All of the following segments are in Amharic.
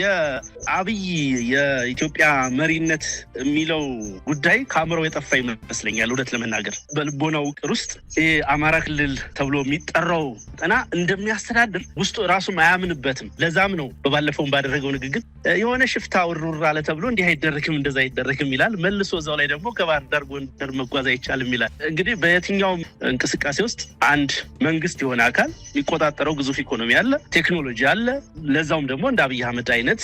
የአብይ የኢትዮጵያ መሪነት የሚለው ጉዳይ ከአእምሮ የጠፋ ይመስለኛል። እውነት ለመናገር በልቦናው ቅር ውስጥ አማራ ክልል ተብሎ የሚጠራው ጠና እንደሚያስተዳድር ውስጡ ራሱም አያምንበትም። ለዛም ነው በባለፈውን ባደረገው ንግግር የሆነ ሽፍታ ውርውር አለ ተብሎ እንዲህ አይደረግም እንደዛ አይደረግም ይላል። መልሶ እዛው ላይ ደግሞ ከባህር ዳር ጎንደር መጓዝ አይቻልም ይላል። እንግዲህ በየትኛውም እንቅስቃሴ ውስጥ አንድ መንግስት የሆነ አካል የሚቆጣጠረው ግዙፍ ኢኮኖሚ አለ፣ ቴክኖሎጂ አለ። ለዛውም ደግሞ እንደ አብይ አህመድ አህመድ አይነት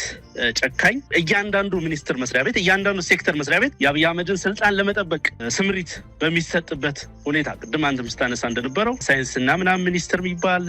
ጨካኝ እያንዳንዱ ሚኒስቴር መስሪያ ቤት እያንዳንዱ ሴክተር መስሪያ ቤት የአብይ አህመድን ስልጣን ለመጠበቅ ስምሪት በሚሰጥበት ሁኔታ ቅድም አንድ ስታነሳ እንደነበረው ሳይንስና ምናም ሚኒስትር የሚባል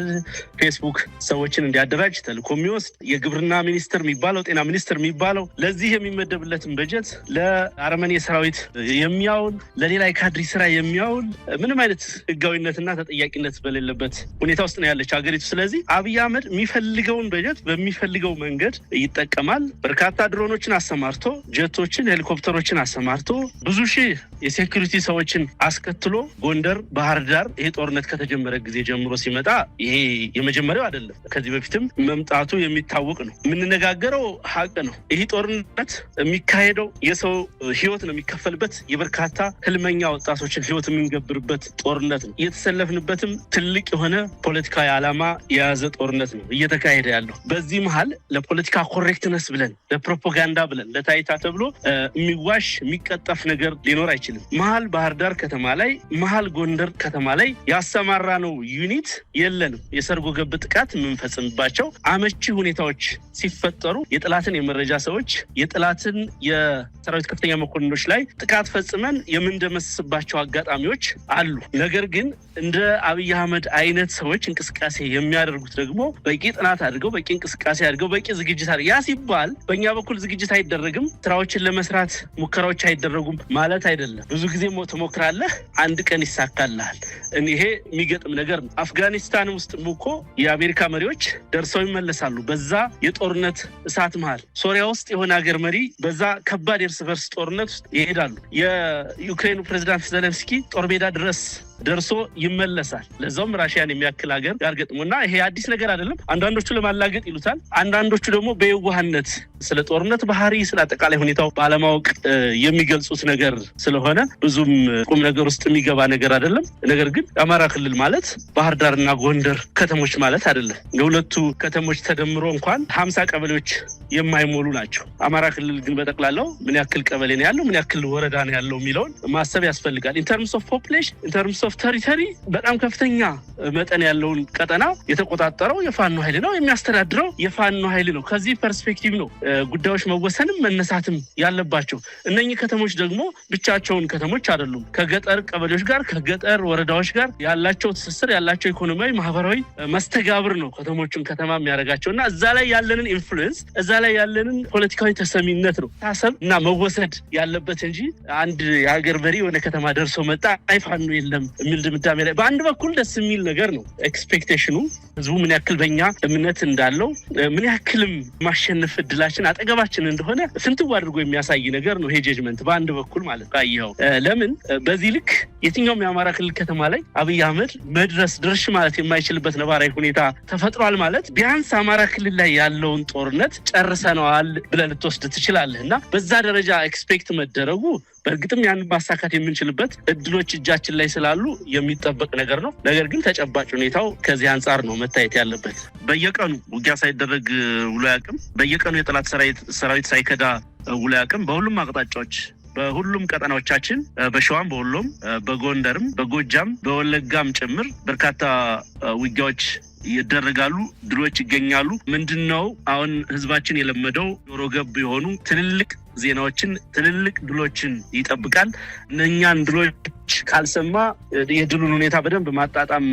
ፌስቡክ ሰዎችን እንዲያደራጅ ተልኮ የሚወስድ የግብርና ሚኒስትር የሚባለው ጤና ሚኒስትር የሚባለው ለዚህ የሚመደብለትን በጀት ለአረመኔ ሰራዊት የሚያውል ለሌላ የካድሪ ስራ የሚያውል ምንም አይነት ህጋዊነትና ተጠያቂነት በሌለበት ሁኔታ ውስጥ ነው ያለች ሀገሪቱ። ስለዚህ አብይ አህመድ የሚፈልገውን በጀት በሚፈልገው መንገድ ይጠቀማል። በርካታ ድሮኖችን አሰማርቶ ጀቶችን፣ ሄሊኮፕተሮችን አሰማርቶ ብዙ ሺህ የሴኩሪቲ ሰዎችን አስከትሎ ጎንደር፣ ባህር ዳር ይሄ ጦርነት ከተጀመረ ጊዜ ጀምሮ ሲመጣ ይሄ የመጀመሪያው አይደለም። ከዚህ በፊትም መምጣቱ የሚታወቅ ነው። የምንነጋገረው ሀቅ ነው። ይህ ጦርነት የሚካሄደው የሰው ህይወት ነው የሚከፈልበት፣ የበርካታ ህልመኛ ወጣቶችን ህይወት የምንገብርበት ጦርነት ነው። እየተሰለፍንበትም ትልቅ የሆነ ፖለቲካዊ ዓላማ የያዘ ጦርነት ነው እየተካሄደ ያለው በዚህ መሀል ለፖለቲካ ኮሬክትነስ ብለን ለፕሮፓጋንዳ ብለን ለታይታ ተብሎ የሚዋሽ የሚቀጠፍ ነገር ሊኖር አይችልም። መሀል ባህር ዳር ከተማ ላይ መሀል ጎንደር ከተማ ላይ ያሰማራ ነው ዩኒት የለንም። የሰርጎ ገብ ጥቃት የምንፈጽምባቸው አመቺ ሁኔታዎች ሲፈጠሩ የጥላትን የመረጃ ሰዎች የጥላትን የሰራዊት ከፍተኛ መኮንኖች ላይ ጥቃት ፈጽመን የምንደመስስባቸው አጋጣሚዎች አሉ። ነገር ግን እንደ አብይ አህመድ አይነት ሰዎች እንቅስቃሴ የሚያደርጉት ደግሞ በቂ ጥናት አድርገው በቂ እንቅስቃሴ አድርገው በቂ ዝግጅት አለ። ያ ሲባል በእኛ በኩል ዝግጅት አይደረግም፣ ስራዎችን ለመስራት ሙከራዎች አይደረጉም ማለት አይደለም። ብዙ ጊዜ ትሞክራለህ፣ አንድ ቀን ይሳካልሃል። ይሄ የሚገጥም ነገር ነው። አፍጋኒስታን ውስጥ እኮ የአሜሪካ መሪዎች ደርሰው ይመለሳሉ። በዛ የጦርነት እሳት መሃል ሶሪያ ውስጥ የሆነ ሀገር መሪ በዛ ከባድ የእርስ በርስ ጦርነት ውስጥ ይሄዳሉ። የዩክሬኑ ፕሬዚዳንት ዘለንስኪ ጦር ሜዳ ድረስ ደርሶ ይመለሳል። ለዛውም ራሽያን የሚያክል ሀገር ጋር ገጥሞና ይሄ አዲስ ነገር አይደለም። አንዳንዶቹ ለማላገጥ ይሉታል፣ አንዳንዶቹ ደግሞ በየዋህነት ስለ ጦርነት ባህሪ፣ ስለ አጠቃላይ ሁኔታው ባለማወቅ የሚገልጹት ነገር ስለሆነ ብዙም ቁም ነገር ውስጥ የሚገባ ነገር አይደለም። ነገር ግን የአማራ ክልል ማለት ባህር ዳርና ጎንደር ከተሞች ማለት አይደለም። የሁለቱ ከተሞች ተደምሮ እንኳን ሀምሳ ቀበሌዎች የማይሞሉ ናቸው። አማራ ክልል ግን በጠቅላላው ምን ያክል ቀበሌ ነው ያለው፣ ምን ያክል ወረዳ ነው ያለው የሚለውን ማሰብ ያስፈልጋል። ኢንተርምስ ኦፍ ፖፕሌሽን ኢንተርምስ ኦፍ ተሪተሪ በጣም ከፍተኛ መጠን ያለውን ቀጠና የተቆጣጠረው የፋኖ ኃይል ነው፣ የሚያስተዳድረው የፋኖ ኃይል ነው። ከዚህ ፐርስፔክቲቭ ነው ጉዳዮች መወሰንም መነሳትም ያለባቸው። እነኚህ ከተሞች ደግሞ ብቻቸውን ከተሞች አይደሉም። ከገጠር ቀበሌዎች ጋር ከገጠር ወረዳዎች ጋር ያላቸው ትስስር ያላቸው ኢኮኖሚያዊ፣ ማህበራዊ መስተጋብር ነው ከተሞቹን ከተማ የሚያደረጋቸው እና እዛ ላይ ያለንን ኢንፍሉዌንስ እዛ ላይ ያለንን ፖለቲካዊ ተሰሚነት ነው ታሰብ እና መወሰድ ያለበት እንጂ አንድ የሀገር መሪ የሆነ ከተማ ደርሶ መጣ አይፋኖ የለም የሚል ድምዳሜ ላይ በአንድ በኩል ደስ የሚል ነገር ነው። ኤክስፔክቴሽኑ ህዝቡ ምን ያክል በኛ እምነት እንዳለው ምን ያክልም ማሸነፍ እድላችን አጠገባችን እንደሆነ ፍንትው አድርጎ የሚያሳይ ነገር ነው። ይሄ ጀጅመንት በአንድ በኩል ማለት ካየኸው፣ ለምን በዚህ ልክ የትኛውም የአማራ ክልል ከተማ ላይ አብይ አህመድ መድረስ ድርሽ ማለት የማይችልበት ነባራዊ ሁኔታ ተፈጥሯል ማለት ቢያንስ አማራ ክልል ላይ ያለውን ጦርነት ጨርሰነዋል ብለህ ልትወስድ ትችላለህ እና በዛ ደረጃ ኤክስፔክት መደረጉ በእርግጥም ያንን ማሳካት የምንችልበት እድሎች እጃችን ላይ ስላሉ የሚጠበቅ ነገር ነው። ነገር ግን ተጨባጭ ሁኔታው ከዚህ አንጻር ነው መታየት ያለበት። በየቀኑ ውጊያ ሳይደረግ ውሎ ያቅም፣ በየቀኑ የጠላት ሰራዊት ሳይከዳ ውሎ ያቅም። በሁሉም አቅጣጫዎች በሁሉም ቀጠናዎቻችን በሸዋም፣ በወሎም፣ በጎንደርም፣ በጎጃም፣ በወለጋም ጭምር በርካታ ውጊያዎች ይደረጋሉ። ድሎች ይገኛሉ። ምንድን ነው አሁን ህዝባችን የለመደው ዶሮ ገብ የሆኑ ትልልቅ ዜናዎችን፣ ትልልቅ ድሎችን ይጠብቃል። እነኛን ድሎች ካልሰማ የድሉን ሁኔታ በደንብ ማጣጣም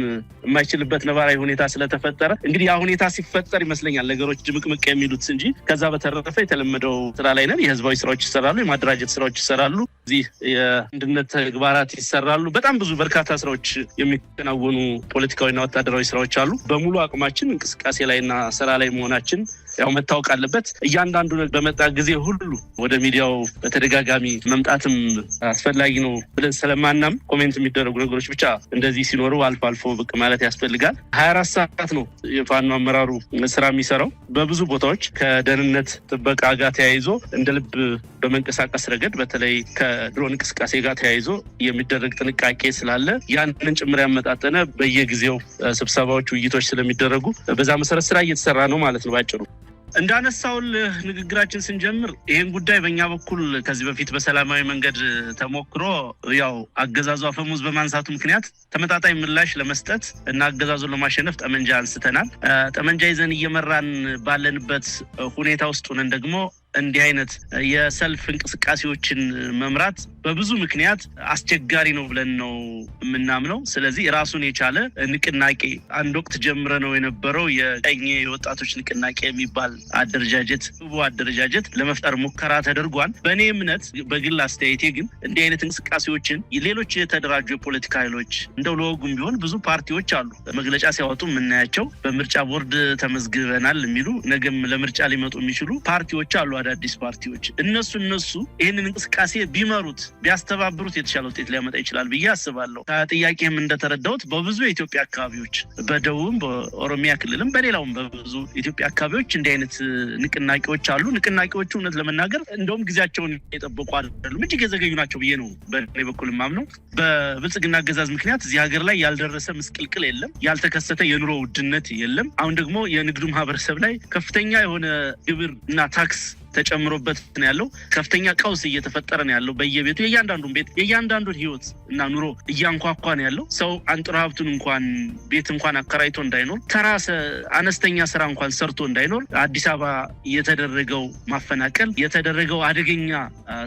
የማይችልበት ነባራዊ ሁኔታ ስለተፈጠረ እንግዲህ ያ ሁኔታ ሲፈጠር ይመስለኛል ነገሮች ድምቅምቅ የሚሉት እንጂ ከዛ በተረፈ የተለመደው ስራ ላይ ነን። የህዝባዊ ስራዎች ይሰራሉ፣ የማደራጀት ስራዎች ይሰራሉ፣ እዚህ የአንድነት ተግባራት ይሰራሉ። በጣም ብዙ በርካታ ስራዎች የሚከናወኑ ፖለቲካዊና ወታደራዊ ስራዎች አሉ። በሙሉ አቅማችን እንቅስቃሴ ላይና ስራ ላይ መሆናችን ያው መታወቅ አለበት። እያንዳንዱ በመጣ ጊዜ ሁሉ ወደ ሚዲያው በተደጋጋሚ መምጣትም አስፈላጊ ነው ብለን ስለማናም ኮሜንት የሚደረጉ ነገሮች ብቻ እንደዚህ ሲኖሩ አልፎ አልፎ ብቅ ማለት ያስፈልጋል። ሀያ አራት ሰዓት ነው የፋኖ አመራሩ ስራ የሚሰራው በብዙ ቦታዎች ከደህንነት ጥበቃ ጋር ተያይዞ እንደ ልብ በመንቀሳቀስ ረገድ በተለይ ከድሮን እንቅስቃሴ ጋር ተያይዞ የሚደረግ ጥንቃቄ ስላለ ያንን ጭምር ያመጣጠነ በየጊዜው ስብሰባዎች፣ ውይይቶች ስለሚደረጉ በዛ መሰረት ስራ እየተሰራ ነው ማለት ነው ባጭሩ። እንዳነሳውልህ ንግግራችን ስንጀምር ይህን ጉዳይ በእኛ በኩል ከዚህ በፊት በሰላማዊ መንገድ ተሞክሮ ያው አገዛዙ አፈሙዝ በማንሳቱ ምክንያት ተመጣጣኝ ምላሽ ለመስጠት እና አገዛዙን ለማሸነፍ ጠመንጃ አንስተናል። ጠመንጃ ይዘን እየመራን ባለንበት ሁኔታ ውስጥ ሆነን ደግሞ እንዲህ አይነት የሰልፍ እንቅስቃሴዎችን መምራት በብዙ ምክንያት አስቸጋሪ ነው ብለን ነው የምናምነው። ስለዚህ ራሱን የቻለ ንቅናቄ አንድ ወቅት ጀምረ ነው የነበረው የቀኝ የወጣቶች ንቅናቄ የሚባል አደረጃጀት ውቡ አደረጃጀት ለመፍጠር ሙከራ ተደርጓል። በእኔ እምነት፣ በግል አስተያየቴ ግን እንዲህ አይነት እንቅስቃሴዎችን ሌሎች የተደራጁ የፖለቲካ ኃይሎች እንደው ለወጉም ቢሆን ብዙ ፓርቲዎች አሉ መግለጫ ሲያወጡ የምናያቸው በምርጫ ቦርድ ተመዝግበናል የሚሉ ነገም ለምርጫ ሊመጡ የሚችሉ ፓርቲዎች አሉ አዳዲስ ፓርቲዎች እነሱ እነሱ ይህንን እንቅስቃሴ ቢመሩት ቢያስተባብሩት የተሻለ ውጤት ሊያመጣ ይችላል ብዬ አስባለሁ። ከጥያቄም እንደተረዳሁት በብዙ የኢትዮጵያ አካባቢዎች በደቡብም፣ በኦሮሚያ ክልልም፣ በሌላውም በብዙ ኢትዮጵያ አካባቢዎች እንዲህ አይነት ንቅናቄዎች አሉ። ንቅናቄዎቹ እውነት ለመናገር እንደውም ጊዜያቸውን የጠበቁ አይደሉም፣ እጅግ የዘገዩ ናቸው ብዬ ነው በእኔ በኩል ማምነው። በብልጽግና አገዛዝ ምክንያት እዚህ ሀገር ላይ ያልደረሰ ምስቅልቅል የለም፣ ያልተከሰተ የኑሮ ውድነት የለም። አሁን ደግሞ የንግዱ ማህበረሰብ ላይ ከፍተኛ የሆነ ግብር እና ታክስ ተጨምሮበት ነው ያለው። ከፍተኛ ቀውስ እየተፈጠረ ነው ያለው በየቤቱ የእያንዳንዱን ቤት የእያንዳንዱን ህይወት እና ኑሮ እያንኳኳ ነው ያለው። ሰው አንጥሮ ሀብቱን እንኳን ቤት እንኳን አከራይቶ እንዳይኖር ተራ አነስተኛ ስራ እንኳን ሰርቶ እንዳይኖር አዲስ አበባ የተደረገው ማፈናቀል የተደረገው አደገኛ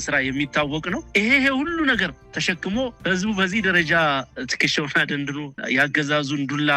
ስራ የሚታወቅ ነው። ይሄ ሁሉ ነገር ተሸክሞ ህዝቡ በዚህ ደረጃ ትከሻውን አደንድኖ ያገዛዙን ዱላ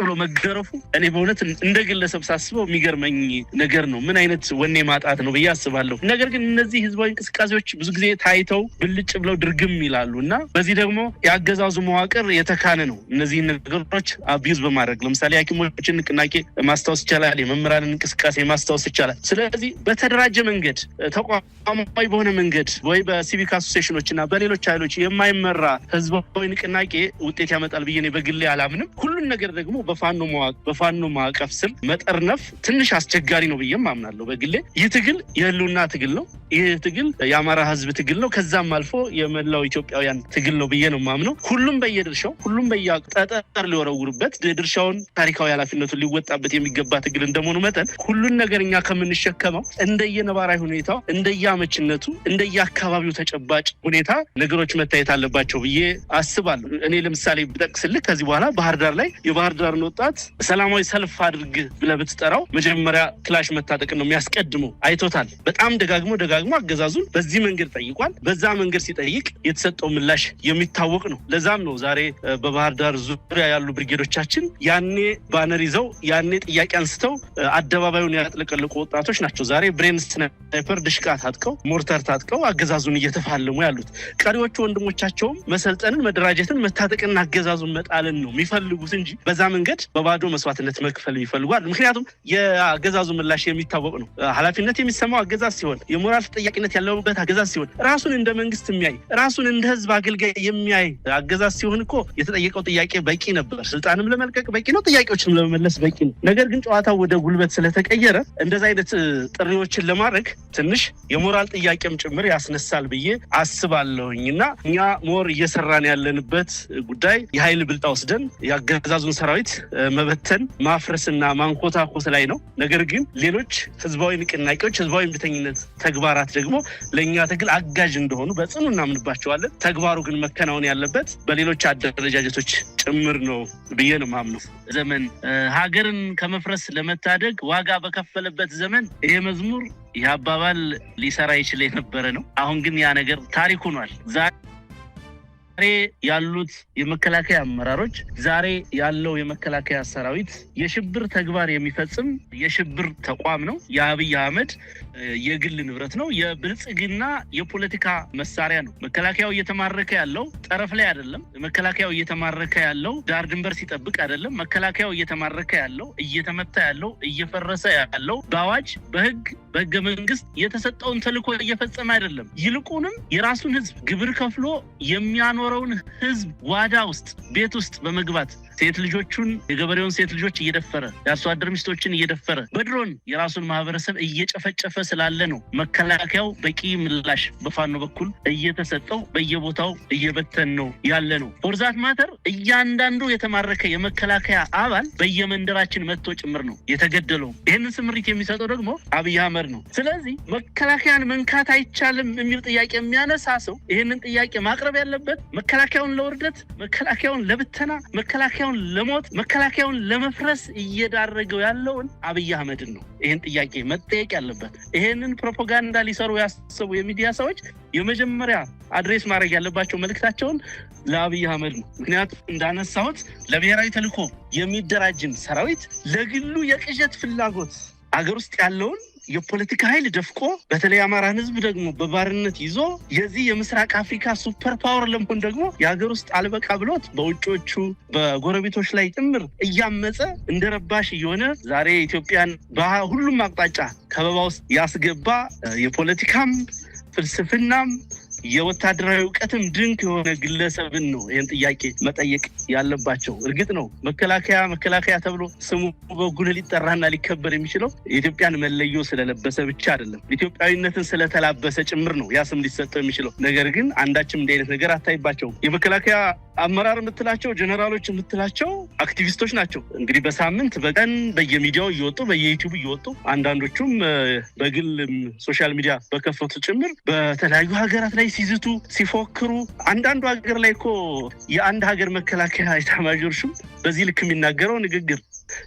ብሎ መገረፉ እኔ በእውነት እንደ ግለሰብ ሳስበው የሚገርመኝ ነገር ነው። ምን አይነት ወኔ ማጣት ነው ብዬ አስባለሁ። ነገር ግን እነዚህ ህዝባዊ እንቅስቃሴዎች ብዙ ጊዜ ታይተው ብልጭ ብለው ድርግም ይላሉ እና በዚህ ደግሞ የአገዛዙ መዋቅር የተካነ ነው። እነዚህ ነገሮች አቢዩዝ በማድረግ ለምሳሌ የሐኪሞችን ንቅናቄ ማስታወስ ይቻላል። የመምህራንን እንቅስቃሴ ማስታወስ ይቻላል። ስለዚህ በተደራጀ መንገድ ተቋማዊ በሆነ መንገድ ወይ በሲቪክ አሶሴሽኖች እና በሌሎች ኃይሎች የማይመራ ህዝባዊ ንቅናቄ ውጤት ያመጣል ብዬ በግሌ አላምንም። ሁሉን ነገር ደግሞ በፋኖ መዋቅ በፋኖ ማዕቀፍ ስም መጠርነፍ ትንሽ አስቸጋሪ ነው ብዬም አምናለሁ በግሌ። ይህ ትግል የህልውና ትግል ነው። ይህ ትግል የአማራ ህዝብ ትግል ነው። ከዛም አልፎ የመላው ኢትዮጵያውያን ትግል ነው ብዬ ነው የማምነው። ሁሉም በየድርሻው ሁሉም በየጠጠር ሊወረውርበት ድርሻውን ታሪካዊ ኃላፊነቱን ሊወጣበት የሚገባ ትግል እንደመሆኑ መጠን ሁሉን ነገር እኛ ከምንሸከመው እንደየነባራዊ ሁኔታው እንደየአመችነቱ እንደየአካባቢው ተጨባጭ ሁኔታ ነገሮች መታየት አለባቸው ብዬ አስባለሁ። እኔ ለምሳሌ ብጠቅስልህ ከዚህ በኋላ ባህር ዳር ላይ የባህር ዳር የነበረን ወጣት ሰላማዊ ሰልፍ አድርግ ብለህ ብትጠራው መጀመሪያ ክላሽ መታጠቅ ነው የሚያስቀድመው። አይቶታል። በጣም ደጋግሞ ደጋግሞ አገዛዙን በዚህ መንገድ ጠይቋል። በዛ መንገድ ሲጠይቅ የተሰጠው ምላሽ የሚታወቅ ነው። ለዛም ነው ዛሬ በባህር ዳር ዙሪያ ያሉ ብርጌዶቻችን ያኔ ባነር ይዘው ያኔ ጥያቄ አንስተው አደባባዩን ያጥለቀለቁ ወጣቶች ናቸው ዛሬ ብሬን ስናይፐር ድሽቃ ታጥቀው ሞርተር ታጥቀው አገዛዙን እየተፋለሙ ያሉት። ቀሪዎቹ ወንድሞቻቸውም መሰልጠንን፣ መደራጀትን፣ መታጠቅና አገዛዙን መጣልን ነው የሚፈልጉት እንጂ በዛ መንገድ መንገድ በባዶ መስዋዕትነት መክፈል ይፈልጉ ምክንያቱም የአገዛዙ ምላሽ የሚታወቅ ነው። ኃላፊነት የሚሰማው አገዛዝ ሲሆን፣ የሞራል ተጠያቂነት ያለበት አገዛዝ ሲሆን፣ ራሱን እንደ መንግስት የሚያይ ራሱን እንደ ህዝብ አገልጋይ የሚያይ አገዛዝ ሲሆን እኮ የተጠየቀው ጥያቄ በቂ ነበር። ስልጣንም ለመልቀቅ በቂ ነው፣ ጥያቄዎችንም ለመመለስ በቂ ነው። ነገር ግን ጨዋታው ወደ ጉልበት ስለተቀየረ እንደዚ አይነት ጥሪዎችን ለማድረግ ትንሽ የሞራል ጥያቄም ጭምር ያስነሳል ብዬ አስባለሁኝ እና እኛ ሞር እየሰራን ያለንበት ጉዳይ የኃይል ብልጣ ወስደን የአገዛዙን ሰራዊት ሰራዊት መበተን ማፍረስና ማንኮታኮት ላይ ነው። ነገር ግን ሌሎች ህዝባዊ ንቅናቄዎች፣ ህዝባዊ እምቢተኝነት ተግባራት ደግሞ ለእኛ ትግል አጋዥ እንደሆኑ በጽኑ እናምንባቸዋለን። ተግባሩ ግን መከናወን ያለበት በሌሎች አደረጃጀቶች ጭምር ነው ብዬ ነው የማምነው። ዘመን ሀገርን ከመፍረስ ለመታደግ ዋጋ በከፈለበት ዘመን ይሄ መዝሙር የአባባል አባባል ሊሰራ ይችል የነበረ ነው። አሁን ግን ያ ነገር ታሪክ ሆኗል። ዛሬ ያሉት የመከላከያ አመራሮች ዛሬ ያለው የመከላከያ ሰራዊት የሽብር ተግባር የሚፈጽም የሽብር ተቋም ነው። የአብይ አህመድ የግል ንብረት ነው። የብልጽግና የፖለቲካ መሳሪያ ነው። መከላከያው እየተማረከ ያለው ጠረፍ ላይ አይደለም። መከላከያው እየተማረከ ያለው ዳር ድንበር ሲጠብቅ አይደለም። መከላከያው እየተማረከ ያለው እየተመታ ያለው እየፈረሰ ያለው በአዋጅ በህግ በህገ መንግስት የተሰጠውን ተልዕኮ እየፈጸመ አይደለም። ይልቁንም የራሱን ህዝብ ግብር ከፍሎ የሚያኖረውን ህዝብ ጓዳ ውስጥ ቤት ውስጥ በመግባት ሴት ልጆቹን የገበሬውን ሴት ልጆች እየደፈረ የአርሶ አደር ሚስቶችን እየደፈረ በድሮን የራሱን ማህበረሰብ እየጨፈጨፈ ስላለ ነው መከላከያው በቂ ምላሽ በፋኖ በኩል እየተሰጠው በየቦታው እየበተን ነው ያለ ነው። ፎርዛት ማተር እያንዳንዱ የተማረከ የመከላከያ አባል በየመንደራችን መጥቶ ጭምር ነው የተገደለው። ይህንን ስምሪት የሚሰጠው ደግሞ አብይ አህመድ ነው። ስለዚህ መከላከያን መንካት አይቻልም የሚል ጥያቄ የሚያነሳ ሰው ይህንን ጥያቄ ማቅረብ ያለበት መከላከያውን ለውርደት፣ መከላከያውን ለብተና፣ መከላከያ መከላከያውን ለሞት መከላከያውን ለመፍረስ እየዳረገው ያለውን አብይ አህመድን ነው። ይህን ጥያቄ መጠየቅ ያለበት ይሄንን ፕሮፓጋንዳ ሊሰሩ ያሰቡ የሚዲያ ሰዎች የመጀመሪያ አድሬስ ማድረግ ያለባቸው መልእክታቸውን ለአብይ አህመድ ነው። ምክንያቱም እንዳነሳሁት ለብሔራዊ ተልዕኮ የሚደራጅን ሰራዊት ለግሉ የቅዠት ፍላጎት አገር ውስጥ ያለውን የፖለቲካ ኃይል ደፍቆ በተለይ አማራን ህዝብ ደግሞ በባርነት ይዞ የዚህ የምስራቅ አፍሪካ ሱፐር ፓወር ለመሆን ደግሞ የሀገር ውስጥ አልበቃ ብሎት በውጮቹ በጎረቤቶች ላይ ጥምር እያመፀ እንደ ረባሽ እየሆነ ዛሬ ኢትዮጵያን በሁሉም አቅጣጫ ከበባ ውስጥ ያስገባ የፖለቲካም ፍልስፍናም የወታደራዊ እውቀትም ድንቅ የሆነ ግለሰብን ነው ይህን ጥያቄ መጠየቅ ያለባቸው። እርግጥ ነው መከላከያ መከላከያ ተብሎ ስሙ በጉልህ ሊጠራና ሊከበር የሚችለው የኢትዮጵያን መለዮ ስለለበሰ ብቻ አይደለም፣ ኢትዮጵያዊነትን ስለተላበሰ ጭምር ነው ያ ስም ሊሰጠው የሚችለው። ነገር ግን አንዳችም እንዲህ አይነት ነገር አታይባቸውም። የመከላከያ አመራር የምትላቸው ጀነራሎች የምትላቸው አክቲቪስቶች ናቸው። እንግዲህ በሳምንት በቀን በየሚዲያው እየወጡ በየዩቲዩብ እየወጡ አንዳንዶቹም በግል ሶሻል ሚዲያ በከፈቱ ጭምር በተለያዩ ሀገራት ላይ ላይ ሲዝቱ ሲፎክሩ፣ አንዳንዱ ሀገር ላይ እኮ የአንድ ሀገር መከላከያ ኤታማዦር ሹም በዚህ ልክ የሚናገረው ንግግር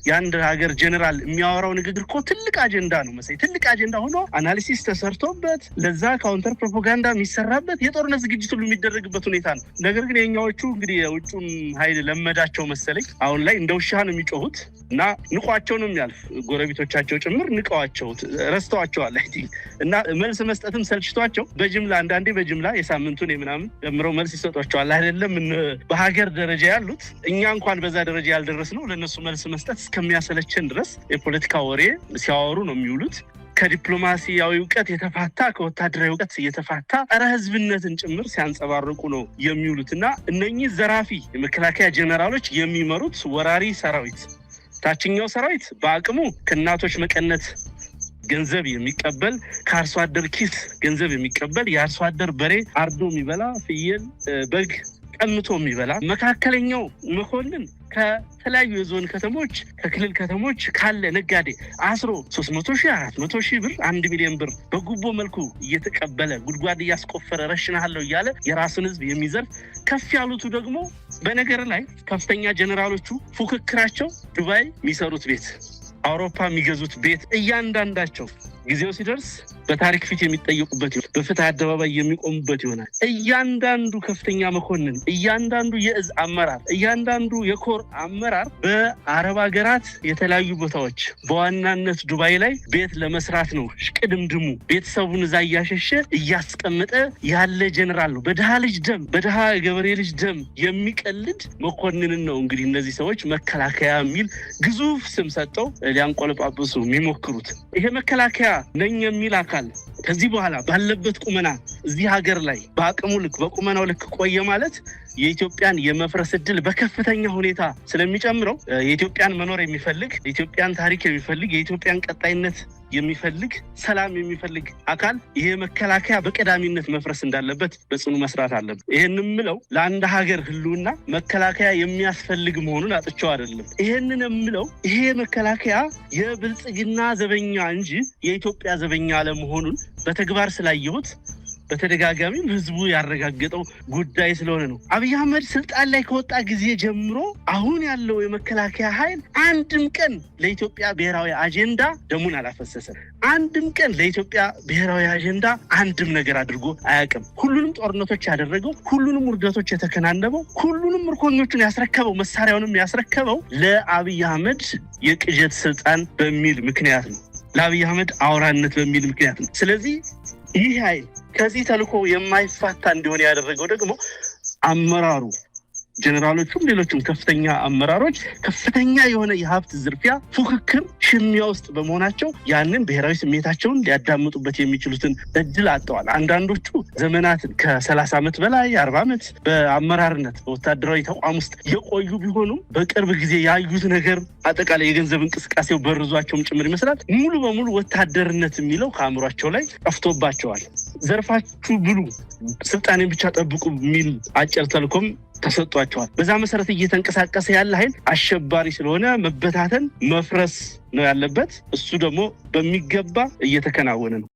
የአንድ ሀገር ጀኔራል የሚያወራው ንግግር እኮ ትልቅ አጀንዳ ነው መሰለኝ። ትልቅ አጀንዳ ሆኖ አናሊሲስ ተሰርቶበት ለዛ ካውንተር ፕሮፓጋንዳ የሚሰራበት የጦርነት ዝግጅት ሁሉ የሚደረግበት ሁኔታ ነው። ነገር ግን የኛዎቹ እንግዲህ የውጩን ኃይል ለመዳቸው መሰለኝ አሁን ላይ እንደ ውሻ ነው የሚጮሁት እና ንቋቸው ነው የሚያልፍ ጎረቤቶቻቸው ጭምር ንቀዋቸው ረስተዋቸዋል። አይ እና መልስ መስጠትም ሰልችቷቸው በጅምላ አንዳንዴ በጅምላ የሳምንቱን የምናምን ጀምረው መልስ ይሰጧቸዋል። አይደለም በሀገር ደረጃ ያሉት እኛ እንኳን በዛ ደረጃ ያልደረስ ነው ለእነሱ መልስ መስጠት መስጠት እስከሚያሰለችን ድረስ የፖለቲካ ወሬ ሲያወሩ ነው የሚውሉት። ከዲፕሎማሲያዊ እውቀት የተፋታ ከወታደራዊ እውቀት የተፋታ ጸረ ህዝብነትን ጭምር ሲያንጸባርቁ ነው እና እነኚህ ዘራፊ የመከላከያ ጀነራሎች የሚመሩት ወራሪ ሰራዊት ታችኛው ሰራዊት በአቅሙ ከእናቶች መቀነት ገንዘብ የሚቀበል ከአርሶ አደር ኪስ ገንዘብ የሚቀበል የአርሶ አደር በሬ አርዶ የሚበላ ፍየል፣ በግ ቀምቶ የሚበላ መካከለኛው መኮንን ከተለያዩ የዞን ከተሞች ከክልል ከተሞች ካለ ነጋዴ አስሮ ሶስት መቶ ሺህ አራት መቶ ሺህ ብር አንድ ሚሊዮን ብር በጉቦ መልኩ እየተቀበለ ጉድጓድ እያስቆፈረ ረሽናለሁ እያለ የራሱን ህዝብ የሚዘርፍ ከፍ ያሉቱ ደግሞ በነገር ላይ ከፍተኛ ጀኔራሎቹ ፉክክራቸው ዱባይ የሚሰሩት ቤት አውሮፓ የሚገዙት ቤት እያንዳንዳቸው ጊዜው ሲደርስ በታሪክ ፊት የሚጠየቁበት ይሆናል። በፍትህ አደባባይ የሚቆሙበት ይሆናል። እያንዳንዱ ከፍተኛ መኮንን፣ እያንዳንዱ የእዝ አመራር፣ እያንዳንዱ የኮር አመራር በአረብ ሀገራት የተለያዩ ቦታዎች በዋናነት ዱባይ ላይ ቤት ለመስራት ነው ቅድምድሙ። ቤተሰቡን እዛ እያሸሸ እያስቀመጠ ያለ ጀኔራል ነው። በድሃ ልጅ ደም፣ በድሃ ገበሬ ልጅ ደም የሚቀልድ መኮንንን ነው እንግዲህ እነዚህ ሰዎች መከላከያ የሚል ግዙፍ ስም ሰጠው ሊያንቆለጳጵሱ የሚሞክሩት ይሄ መከላከያ ነኝ የሚል አካል ይሆናል። ከዚህ በኋላ ባለበት ቁመና እዚህ ሀገር ላይ በአቅሙ ልክ በቁመናው ልክ ቆየ ማለት የኢትዮጵያን የመፍረስ እድል በከፍተኛ ሁኔታ ስለሚጨምረው የኢትዮጵያን መኖር የሚፈልግ የኢትዮጵያን ታሪክ የሚፈልግ የኢትዮጵያን ቀጣይነት የሚፈልግ ሰላም የሚፈልግ አካል ይሄ መከላከያ በቀዳሚነት መፍረስ እንዳለበት በጽኑ መስራት አለበት። ይህን ምለው ለአንድ ሀገር ህልውና መከላከያ የሚያስፈልግ መሆኑን አጥቸው አይደለም። ይህንን የምለው ይሄ መከላከያ የብልጽግና ዘበኛ እንጂ የኢትዮጵያ ዘበኛ አለመሆኑን በተግባር ስላየሁት በተደጋጋሚም ህዝቡ ያረጋገጠው ጉዳይ ስለሆነ ነው። አብይ አህመድ ስልጣን ላይ ከወጣ ጊዜ ጀምሮ አሁን ያለው የመከላከያ ኃይል አንድም ቀን ለኢትዮጵያ ብሔራዊ አጀንዳ ደሙን አላፈሰሰም። አንድም ቀን ለኢትዮጵያ ብሔራዊ አጀንዳ አንድም ነገር አድርጎ አያውቅም። ሁሉንም ጦርነቶች ያደረገው፣ ሁሉንም ውርደቶች የተከናነበው፣ ሁሉንም ምርኮኞቹን ያስረከበው፣ መሳሪያውንም ያስረከበው ለአብይ አህመድ የቅዠት ስልጣን በሚል ምክንያት ነው። ለአብይ አህመድ አውራነት በሚል ምክንያት ነው። ስለዚህ ይህ ኃይል ከዚህ ተልኮ የማይፋታ እንዲሆን ያደረገው ደግሞ አመራሩ ጀኔራሎቹም ሌሎችም ከፍተኛ አመራሮች ከፍተኛ የሆነ የሀብት ዝርፊያ፣ ፉክክር፣ ሽሚያ ውስጥ በመሆናቸው ያንን ብሔራዊ ስሜታቸውን ሊያዳምጡበት የሚችሉትን እድል አጥተዋል። አንዳንዶቹ ዘመናትን ከሰላሳ ዓመት በላይ አርባ ዓመት በአመራርነት በወታደራዊ ተቋም ውስጥ የቆዩ ቢሆኑም በቅርብ ጊዜ ያዩት ነገር አጠቃላይ የገንዘብ እንቅስቃሴው በርዟቸውም ጭምር ይመስላል ሙሉ በሙሉ ወታደርነት የሚለው ከአእምሯቸው ላይ ጠፍቶባቸዋል። ዘርፋችሁ ብሉ፣ ስልጣኔን ብቻ ጠብቁ የሚል አጭር ተልኮም ተሰጧቸዋል። በዛ መሰረት እየተንቀሳቀሰ ያለ ኃይል አሸባሪ ስለሆነ መበታተን፣ መፍረስ ነው ያለበት። እሱ ደግሞ በሚገባ እየተከናወነ ነው።